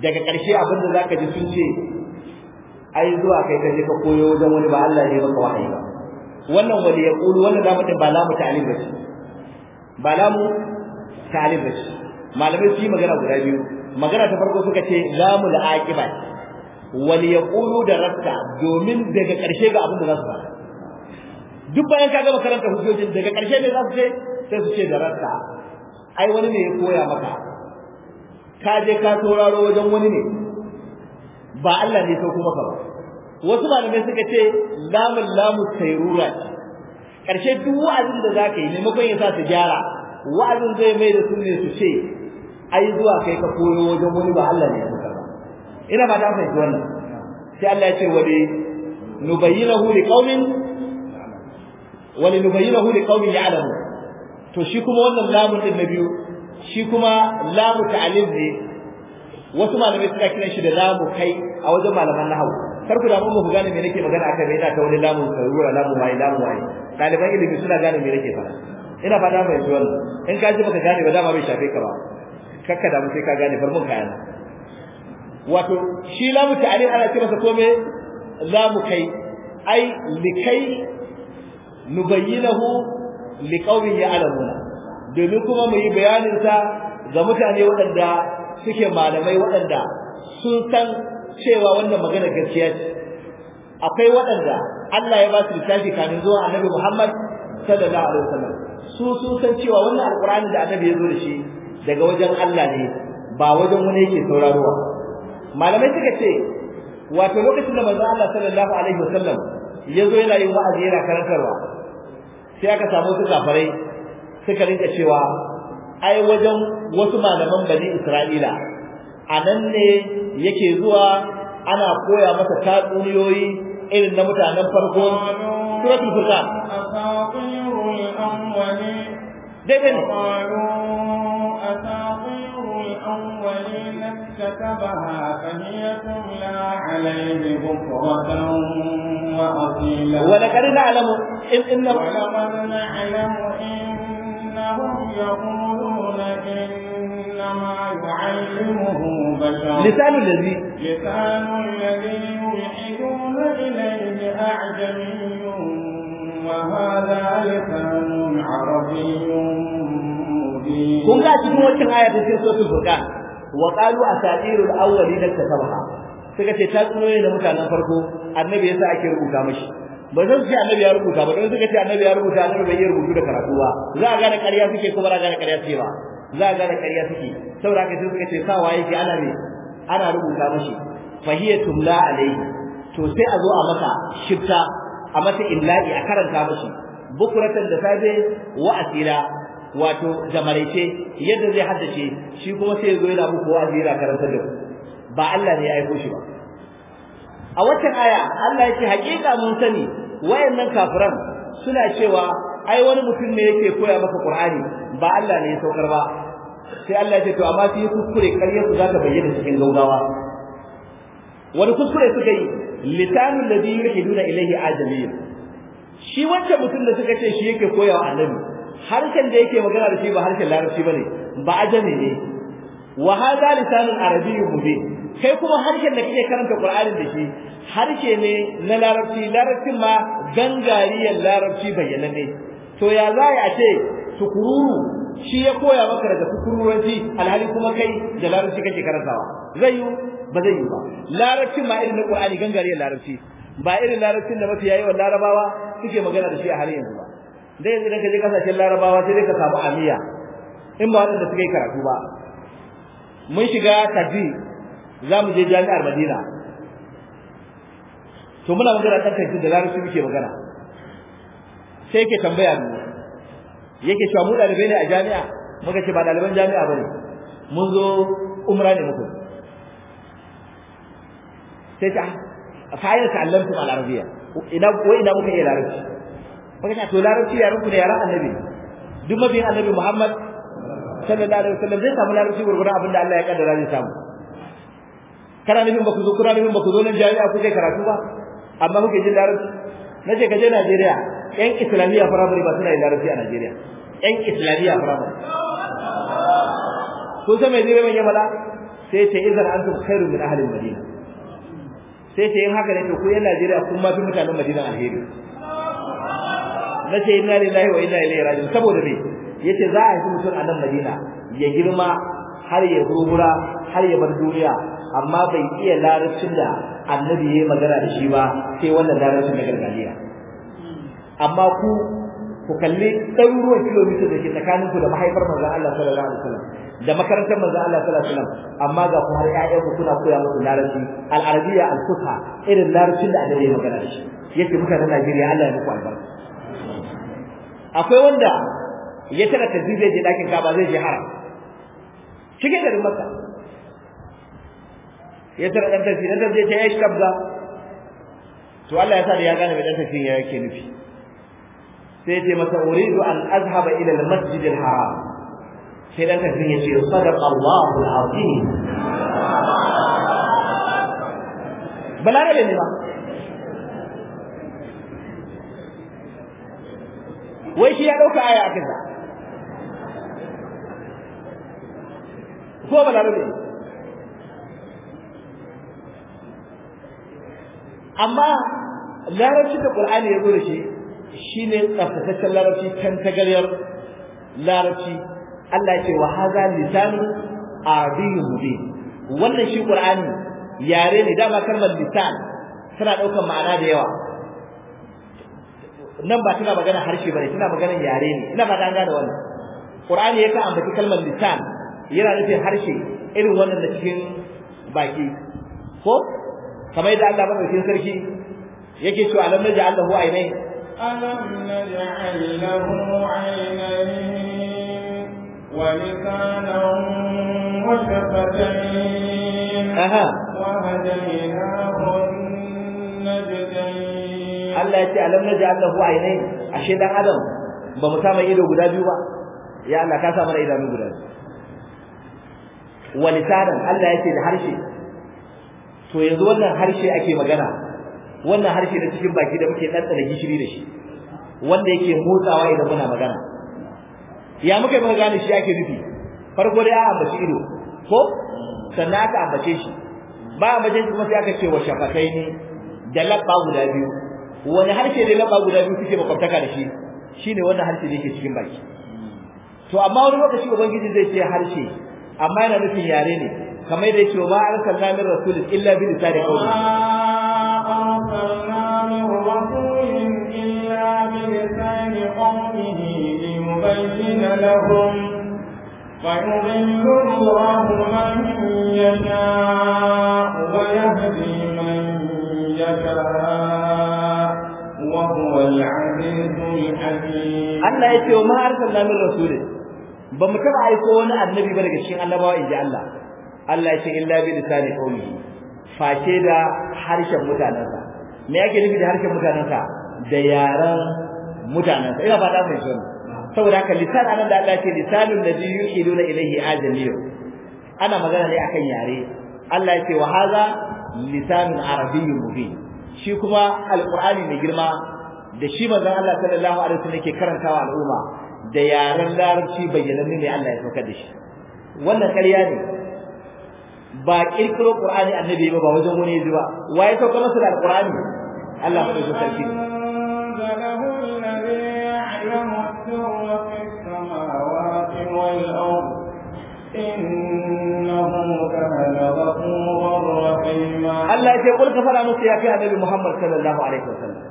B: daga ƙarshe abinda zaka ji sun ce ai zuwa kai ka je ka koyo wajen wani ba Allah ne baka wahayi ba wannan wani ya kodo wannan da mutum ba mu ta'alim ba ce ba mu ta'alim ba ce malamai su yi magana guda biyu magana ta farko suka ce lamul wani wal yaqulu da rabta domin daga karshe ga abin da za su faɗa duk bayan ka gama karanta hujjojin daga karshe ne za su ce sai su ce da rabta ai wani ne ya koya maka ka je ka sauraro wajen wani ne ba Allah ne sauko maka ba wasu malamai suka ce lamun lamu tayrura karshe duk wa'azin da zaka yi maimakon ya sa su gyara wa'azin zai mai da su ne su ce ai zuwa kai ka koyo wajen wani ba Allah ne ya saka ba ina ba ta fahimci wannan sai Allah ya ce wa li nubayyinahu liqaumin wa li nubayyinahu liqaumin ya'lamu to shi kuma wannan lamun din na biyu shi kuma lamu ta'alif ne wasu malamai suna kiran shi da lamu kai a wajen malaman nahwu kar ku damu ku gane me nake magana akai me yana ta wani lamu sarura lamu mai lamu mai daliban ilimi suna gane me nake fara ina ba fata mai zuwa in ka ji baka gane ba dama bai shafe ka ba kakka da mu sai ka gane farkon mun wato shi muta ta'alil ana ce masa kome
C: mu kai ai likai nubayyinahu ya ya'lamuna domin kuma mu yi bayanin sa ga mutane
B: waɗanda suke malamai waɗanda sun san cewa wannan magana gaskiya ce akwai waɗanda Allah ya ba su littafi kamin zuwa Annabi Muhammad sallallahu alaihi wasallam su sun san cewa wannan alqur'ani da annabi ya zo da shi daga wajen Allah ne ba wajen wani yake saurarowa malamai suka ce wato lokacin da manzo Allah sallallahu alaihi wasallam ya zo yana yin wa'azi yana karantarwa sai aka samu su kafarai suka rinka cewa ai wajen wasu malaman bani Isra'ila a nan ne yake zuwa ana koya masa tatsuniyoyi irin na mutanen farko سورة الفرقان
A: أساطير الأولين قالوا أساطير الأولين اكتتبها فهي تملى عليه بكرة وأصيلا ولقد نعلم إن إن ولقد نعلم إنهم يقولون إنما يعلمه بشر لسان الذي
C: لسان
A: الذي يوحي إليه أعجمي وهذا لسان عربي da كن لا تكون وكان آية
C: في سورة
B: الفرقان وقالوا أساطير الأولين اكتسبها suka ce ta tsunoyi da mutanen farko annabi yasa ake rubuta mashi ba zan ce annabi ya rubuta ba don suka ce annabi ya rubuta annabi bai yi rubutu da karatu ba za a gane ƙarya suke kuma za a gane ƙarya suke ba za a gane ƙarya suke saboda haka sai suka ce sawa yake ana ne ana rubuta mashi fahiya tumla alaihi to sai a zo a maka shifta a masa illa'i a karanta mashi bukuratan da safe wa asira wato da maraice yadda zai haddace shi kuma sai ya zo yana muku wa asira karanta da ba Allah ne ya aiko shi ba a wata aya Allah ya ce haƙiƙa mun sani wayannan kafiran suna cewa ai wani mutum ne yake koya maka Qur'ani ba Allah ne ya saukar ba sai Allah ya ce to amma su kuskure ƙaryar su za bayyana cikin gaugawa wani kuskure suka yi litanul ladhi yuhiduna ilayhi ajamiyyun shi wancan mutum da suka ce shi yake koyawa annabi harshen da yake magana da shi ba harshen larabci bane ba ajami ne wa hadha lisanul arabiyyun mubin kai kuma harshen da kake karanta qur'anin da shi harshe ne na larabci larabcin ma gangariyar larabci bayyana ne to ya za a ce tukururu shi ya koya maka daga tukururanci alhali kuma kai da larabci kake karantawa zai yi ba zai yi ba larabcin ma irin na qur'ani gangare larabci ba irin larabcin da mafi yayi wa larabawa suke magana da shi a har yanzu ba dai yanzu idan kaje kasashen larabawa sai dai ka samu amiya in ba wanda suka yi karatu ba mun shiga tadi za mu je jami'ar madina to muna magana kan kai da larabci muke magana sai yake tambaya mu yake cewa mu dalibai ne a jami'a muka ce ba daliban jami'a bane mun zo umra ne muku sai ta fa'ida ta'allamtu al-arabiyya ina ko ina muka iya larabci muka ce to larabci yaran ku da yaran annabi duk mabiyin annabi Muhammad sallallahu alaihi wasallam zai samu larabci gurgurun abin da Allah ya kaddara zai samu kana nufin ba ku zo kuna nufin ba ku zo nan jami'a ku kai karatu ba amma kuke jin larabci Na ce ka je Najeriya yan Islamiyya firamare ba suna yin larabci a Najeriya yan Islamiyya firamare kun san me zai mai yamala sai ce idan antum khairun min ahli madina sai ta yi haka ne to ku yan Najeriya kun ma fi mutanen Madina alheri nace inna lillahi wa inna ilaihi raji'un saboda me yace za a yi mutum a nan Madina ya girma har ya gurgura har ya bar duniya amma bai iya larabcin da annabi ya magana da shi ba sai wannan larabcin na gargajiya amma ku ku kalli ɗaruruwan kilomita da ke tsakaninku da mahaifar manzon Allah sallallahu alaihi wasallam da makarantar manzo Allah sallallahu alaihi wasallam amma ga ku har ƴaƴan ku kuna koya musu larabci al-arabiyya al-fusha irin larabcin da annabi ya magana shi yake san Najeriya Allah ya muku albarka akwai wanda ya tara tazibe je dakin Kaaba zai je haram cikin da rimaka ya tara dan tazibe dan je ya shi kabza to Allah ya sa da ya gane me dan tazibe yake nufi sai ya ce masa uridu an azhaba ila al-masjid al-haram sai dan ka ya ce sadaq Allahu al-azim balarabe ne ba wai shi ya dauka aya a kaza ko balarabe amma larabci da qur'ani ya zo shi shine tsaftataccen larabci kan tagaryar larabci Allah ya ce wa haza lisanu arabiyyun mubin wannan shi qur'ani yare ne dama kalmar lisan tana daukar ma'ana da yawa nan ba tana magana harshe bane tana magana yare ne ina ba ta gane wannan qur'ani yake ambaci kalmar lisan yana nufin harshe irin wannan da cikin baki ko kamar yadda Allah cikin sarki yake cewa alam naj'al lahu ainai
A: alam naj'al lahu ainai
B: Allah ya ce alam naji Allahu ainihi ashe dan Adam ba mu samu ido guda biyu ba ya Allah ka samu idanu guda biyu walisan Allah ya ce da harshe to yanzu wannan harshe ake magana wannan harshe da cikin baki da muke tsantsare gishiri da shi wanda yake motsawa idan muna magana ya muka ba gane shi ake rufi? farko dai an ambace ido ko sannan aka ambace shi ba ambace shi kuma sai aka ce wa shafatai ne da labba guda biyu wani harshe da labba guda biyu suke makwabtaka da shi shine wannan harshe da yake cikin baki to amma wani lokaci ubangiji zai ce harshe amma yana nufin yare ne kamar da yake wa ba arsalna min rasulin illa bi lisani qawli
A: ليبين لهم فيضل الله من يشاء ويهدي من يشاء وهو العزيز الحكيم الله يتي وما أرسلنا من رسول
B: bamu taba aiko wani annabi ba daga cikin annabawa inji Allah Allah ya ce illa bi lisani qawmi face da harshen mutanansa me yake nufi da harshen mutanansa da yaran mutanansa ina fata mai shi saboda haka lisan anan da Allah ce lisanun da yuhiluna ilaihi ajamiyu ana magana ne akan yare Allah ya ce wa hadha lisanun arabiyyun mubin shi kuma alqur'ani mai girma da shi manzon Allah sallallahu alaihi wasallam yake karantawa al'umma da yaren larabci bayyananne ne Allah ya saukar da shi wannan ƙarya ne ba kirkiro qur'ani annabi ba ba wajen wani yaji ba waye saukar masa da alqur'ani
A: Allah ya saukar shi سر في السماوات والأرض إنه كان غفورا رحيما الله يقول كفر أمس يا فيها النبي
B: محمد صلى الله عليه وسلم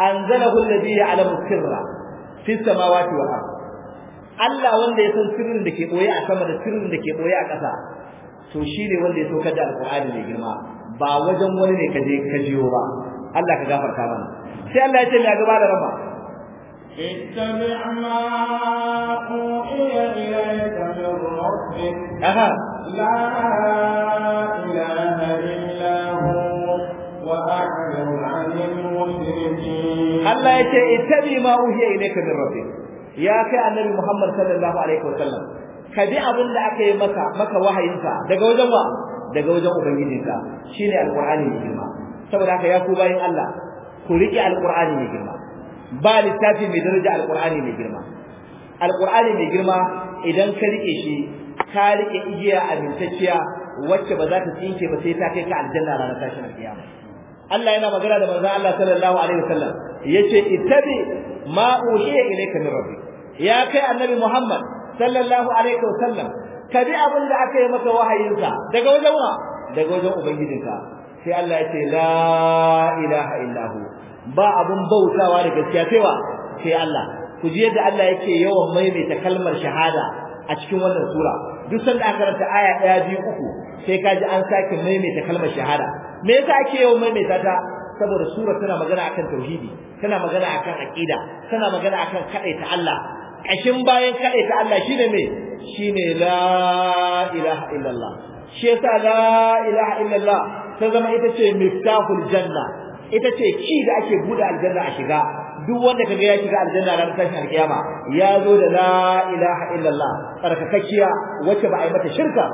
B: أنزله الذي يعلم السر في السماوات والأرض Allah wanda ya san sirrin da ke boye a sama da sirrin da ke boye a ƙasa to shine wanda ya saukar da alƙur'ani mai girma ba wajen wani ne ka je ka jiyo ba Allah ka gafarta mana sai Allah ya ce mai gaba da rama
A: اتبع ما أوحي إليك من ربك لا إله إلا هو وأعلم عن المشركين الله
B: اتبع ما أوحي إليك من ربك يا كأنبي محمد صلى الله عليه وسلم ka bi abin da aka yi maka maka wahayinta. daga wajen ba daga wajen ubangijinka shine alqur'ani ne girma saboda haka ya ku bayin Allah ku riƙe alqur'ani ne girma ba littafi mai daraja alqur'ani mai girma alqur'ani mai girma idan ka rike shi ka rike igiya amintacciya wacce ba za ta tsinke ba sai ta kai ka aljanna ranar tashin alkiyama Allah yana magana da manzon Allah sallallahu alaihi wasallam yace ittabi ma uhiya ilayka min rabbi ya kai annabi Muhammad sallallahu alaihi wasallam ka bi abin da aka yi maka wahayinsa daga wajen wa daga wajen ubangijinka sai Allah ya ce la ilaha illahu ba abun bautawa da gaskiya sai wa sai Allah ku ji yadda Allah yake yawan maimaita kalmar shahada a cikin wannan sura duk sanda aka karanta aya ɗaya biyu uku sai ka ji an sake maimaita kalmar shahada me yasa ake yawan maimaita ta saboda sura tana magana akan tauhidi tana magana akan aqida tana magana akan kadaita Allah kashin bayan kadaita Allah shine me shine la ilaha illallah shi yasa la ilaha illallah ta zama ita ce miftahul janna ita ce ki da ake buɗe aljanna a shiga duk wanda kaga ya shiga aljanna ran tashin alkiyama ya zo da la ilaha illallah tsarkakakkiya wacce ba a yi mata shirka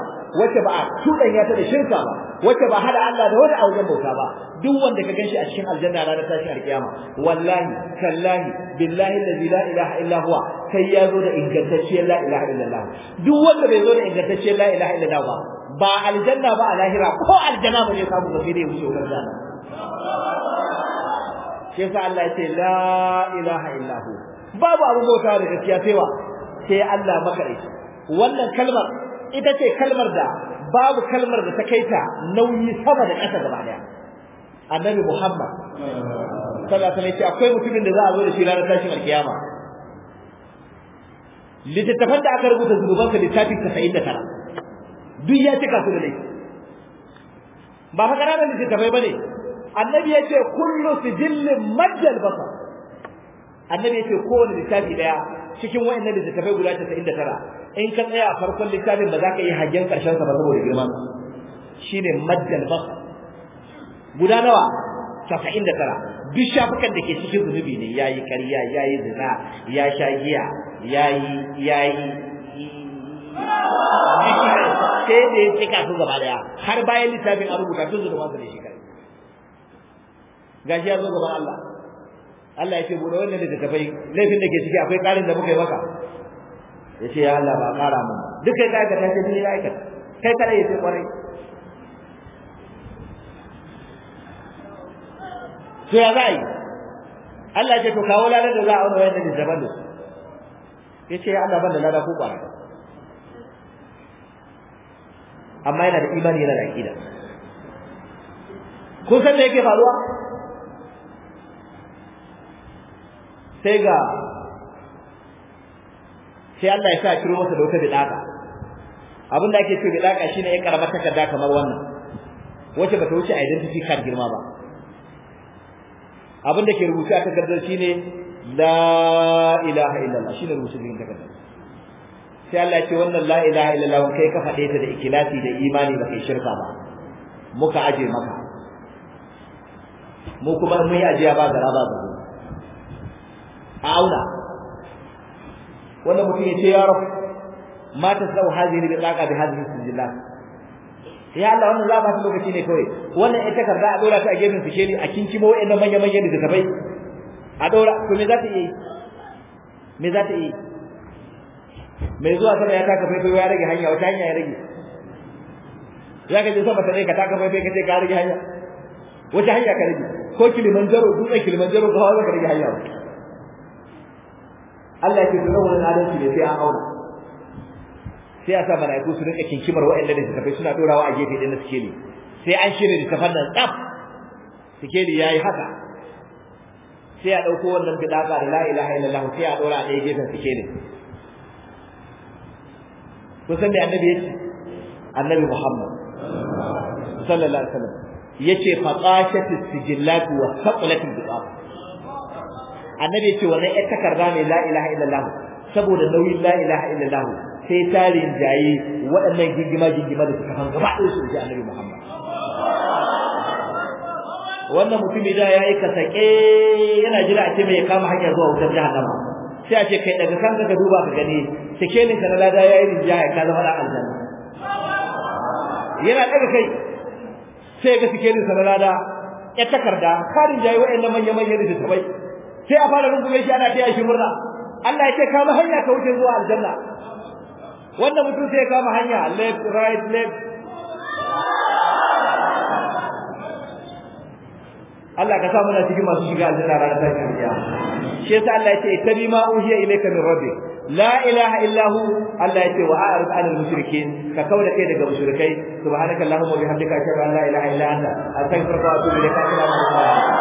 B: wacce ba a tudanya ta da shirka ba wacce ba hada Allah da wani aure bauta ba duk wanda ka ganshi a cikin aljanna ranar tashin alkiyama wallahi tallahi billahi allazi la ilaha illa huwa sai ya zo da ingantacciyar la ilaha illallah duk wanda bai zo da ingantacciyar la ilaha illallah ba ba aljanna ba a lahira ko aljanna ba zai samu ba da dai wuce wannan shi yasa Allah ya ce la ilaha illa hu babu abin bauta da gaskiya sai wa sai Allah makarici wannan kalmar ita ce kalmar da babu kalmar da ta kaita nauyi sama da ƙasa gaba daya annabi Muhammad sallallahu alaihi wasallam akwai mutumin da za a zo da shi ranar tashin alkiyama littattafan da aka rubuta ka littafin 99 duk ya cika su da laifi ba fa ƙananan littattafai ne. annabi yace kullu sijillin majjal basar annabi yace kowane littafi daya cikin wayannan littafai guda 99 in ka tsaya farkon littafin ba za ka yi hagen karshen sa ba saboda girman shine majjal basar guda nawa 99 duk shafukan da ke cikin zunubi ne yayi ƙarya yayi zina ya sha giya yayi yayi
C: sai
B: da ya cika su gaba daya har bayan littafin an rubuta tun zuwa masu da shekara gashi ya zo gaban Allah Allah ya ce bude wannan littattafai laifin da ke ciki akwai karin da muka yi maka ya ce ya Allah ba kara ƙara mun duk kai ka ta ce ni ya aikata kai kada ya ce kwarai to ya za yi Allah ya ce to kawo lalar da za a wani wayan da zaban da ya ce ya Allah ban da lada ko kwarai amma yana da imani yana da aƙida kun san da yake faruwa sai ga sai Allah ya sa kiro masa da wata bidaka abinda ake cewa bidaka shine ya karba takarda kamar wannan wacce bata wuce identity card girma ba abinda ke rubuta a takardar shine la ilaha illallah shine musulmin cikin takardar sai Allah ya ce wannan la ilaha illallah kai ka fade ta da ikhlasi da imani ba kai shirka ba muka aje maka mu kuma mun yi ajiya ba gara ba a auna wannan mutum ya ya rabu mata zau sau haziri bi tsaka bi haziri sujillah sai Allah wannan za ba ta lokaci ne kawai wannan ita karda a dora ta a gefen su sheli a kinkimo wa'annan manya manya da bai, a dora to me za ta yi me za ta yi mai zuwa sama ya taka faifai ya rage hanya wata hanya ya rage zaka je sama ta ne ka taka faifai ka ce ka rage hanya wata hanya ka rage ko kilimanjaro dutsen kilimanjaro ka hawa ka rage hanya Allah ke tuna wannan adalci ne sai an auna sai a sa malaiku su rika kinkimar waɗanda da suka suna dorawa a gefe ɗin suke ne sai an shirya da safar nan tsaf suke ne yayi haka sai a ɗauko wannan bidaka da la ilaha illallah sai a dora a ɗaya gefen suke ne kusan da annabi yake annabi Muhammad sallallahu alaihi wasallam yace faqashatu sijillat wa saqlatul bidaka annabi ya ce wannan ƴar takarda ne la ilaha illallah saboda nauyin la ilaha illallah sai tarin jaye waɗannan gingima gingima da suka fanga ba su ji annabi Muhammad wannan mutum da ya aika sake yana jira a ce mai kama hanyar zuwa wutar jahannama sai a ce kai daga kanka ka duba ka gani sake ne kana lada yayi rijaya ka zama da aljanna
C: yana daga kai
B: sai ga sake ne sana lada ya takarda farin jaye waɗannan manya manyan da bai. sai a fara rungume shi ana taya shi murna Allah ya ce kama hanya ka wuce zuwa aljanna wannan mutum sai ya kama hanya left right left Allah ka sa muna cikin masu shiga aljanna ranar tashin kiyama shi yasa Allah ya ce tabi ma uhiya ilayka min rabbi la ilaha illa hu Allah ya ce wa a'rid 'anil mushrikin ka kaura kai daga mushrikai subhanaka allahumma wa bihamdika ashhadu an la ilaha illa anta astaghfiruka wa atubu ilayka assalamu alaikum